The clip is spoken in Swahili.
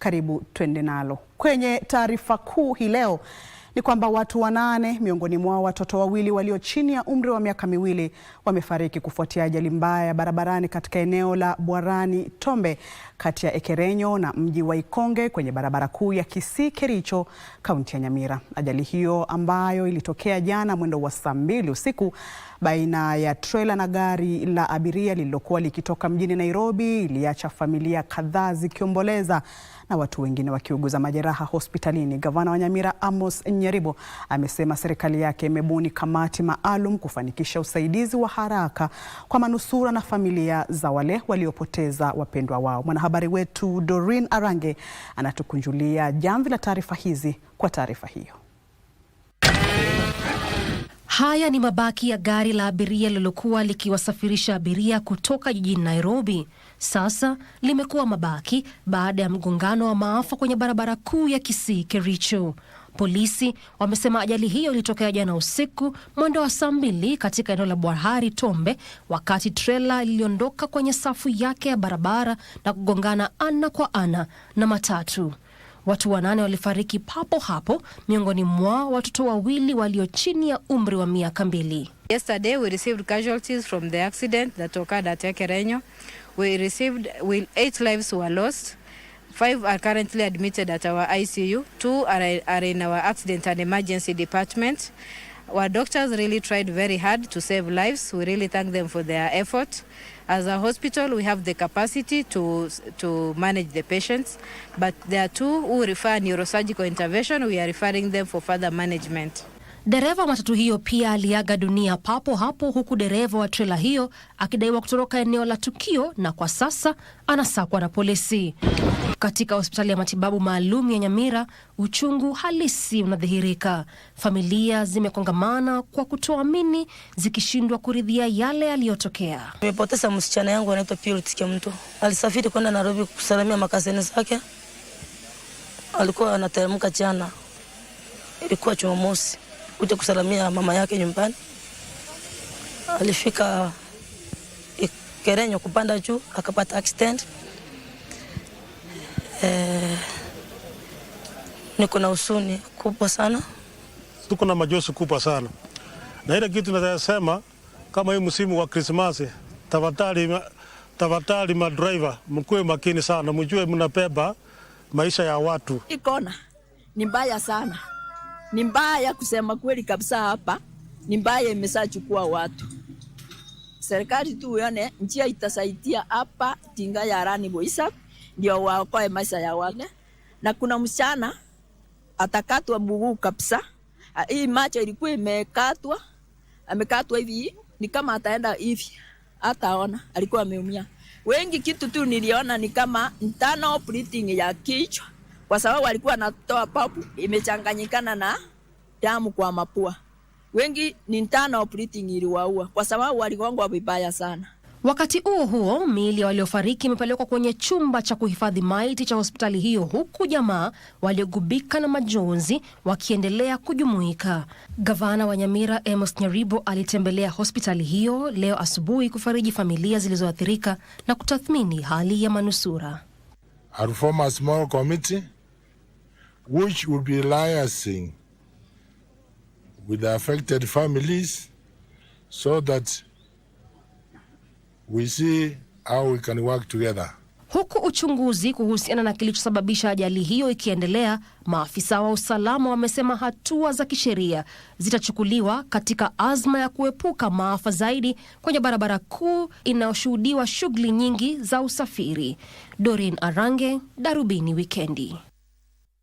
Karibu twende nalo kwenye taarifa kuu hii leo ni kwamba watu wanane miongoni mwao watoto wawili walio chini ya umri wa miaka miwili wamefariki kufuatia ajali mbaya ya barabarani katika eneo la Bwarani Tombe kati ya Ekerenyo na mji wa Ikonge kwenye barabara kuu ya Kisii Kericho, kaunti ya Nyamira. Ajali hiyo ambayo ilitokea jana mwendo wa saa mbili usiku baina ya trela na gari la abiria lililokuwa likitoka mjini Nairobi iliacha familia kadhaa zikiomboleza na watu wengine wakiuguza majeraha hospitalini. Gavana wa Nyamira Amos Nyaribo amesema serikali yake imebuni kamati maalum kufanikisha usaidizi wa haraka kwa manusura na familia za wale waliopoteza wapendwa wao. Mwanahabari wetu Doreen Arange anatukunjulia jamvi la taarifa hizi kwa taarifa hiyo. Haya ni mabaki ya gari la abiria lililokuwa likiwasafirisha abiria kutoka jijini Nairobi. Sasa limekuwa mabaki baada ya mgongano wa maafa kwenye barabara kuu ya Kisii Kericho. Polisi wamesema ajali hiyo ilitokea jana usiku mwendo wa saa mbili katika eneo la Bwahari Tombe, wakati trela iliondoka kwenye safu yake ya barabara na kugongana ana kwa ana na matatu. Watu wanane walifariki papo hapo, miongoni mwa watoto wawili walio chini ya umri wa miaka mbili. Yesterday we received casualties from the accident that occurred at Ekerenyo. We received, we, eight lives were lost. Five are currently admitted at our ICU. Two are, are in our accident and emergency department. Our doctors really tried very hard to save lives. We really thank them for their effort. As a hospital, we have the capacity to, to manage the patients, but there are two who refer neurosurgical intervention. We are referring them for further management. Dereva wa matatu hiyo pia aliaga dunia papo hapo, huku dereva wa trela hiyo akidaiwa kutoroka eneo la tukio na kwa sasa anasakwa na polisi. Katika hospitali ya matibabu maalum ya Nyamira, uchungu halisi unadhihirika. Familia zimekongamana kwa kutoamini, zikishindwa kuridhia yale yaliyotokea. Nimepoteza msichana yangu anaitwa Purity mtu Alisafiri kwenda Nairobi kusalamia makazini zake, alikuwa anateremka jana, ilikuwa Jumamosi kuja kusalamia mama yake nyumbani. Alifika Kerenyo kupanda juu akapata accident. Eh, niko na usuni kubwa sana, tuko na majosi kubwa sana na ile kitu nasema kama hii msimu wa Krismasi, tafadhali tafadhali, madriver mkuwe makini sana, mjue mnabeba maisha ya watu. Ikona ni mbaya sana ni mbaya, kusema kweli kabisa, hapa ni mbaya, imesachukua watu. Serikali tu yone njia itasaidia hapa tinga ya rani boisa ndio waokoe maisha ya wale, na kuna msichana atakatwa mguu kabisa. Ah, hii macho ilikuwa imekatwa, amekatwa hivi ni kama ataenda hivi, ataona alikuwa ameumia. Wengi kitu tu niliona ni kama ntano operating ya kichwa kwa sababu alikuwa anatoa papu imechanganyikana na damu kwa mapua. Wengi ni internal bleeding iliwaua kwa sababu waligongwa vibaya sana. Wakati huo huo, miili ya waliofariki imepelekwa kwenye chumba cha kuhifadhi maiti cha hospitali hiyo, huku jamaa waliogubika na majonzi wakiendelea kujumuika. Gavana wa Nyamira Amos Nyaribo alitembelea hospitali hiyo leo asubuhi kufariji familia zilizoathirika na kutathmini hali ya manusura which would be liaising with the affected families so that we see how we can work together. Huku uchunguzi kuhusiana na kilichosababisha ajali hiyo ikiendelea, maafisa wa usalama wamesema hatua za kisheria zitachukuliwa katika azma ya kuepuka maafa zaidi kwenye barabara kuu inayoshuhudiwa shughuli nyingi za usafiri. dorin Arange, Darubini Wikendi.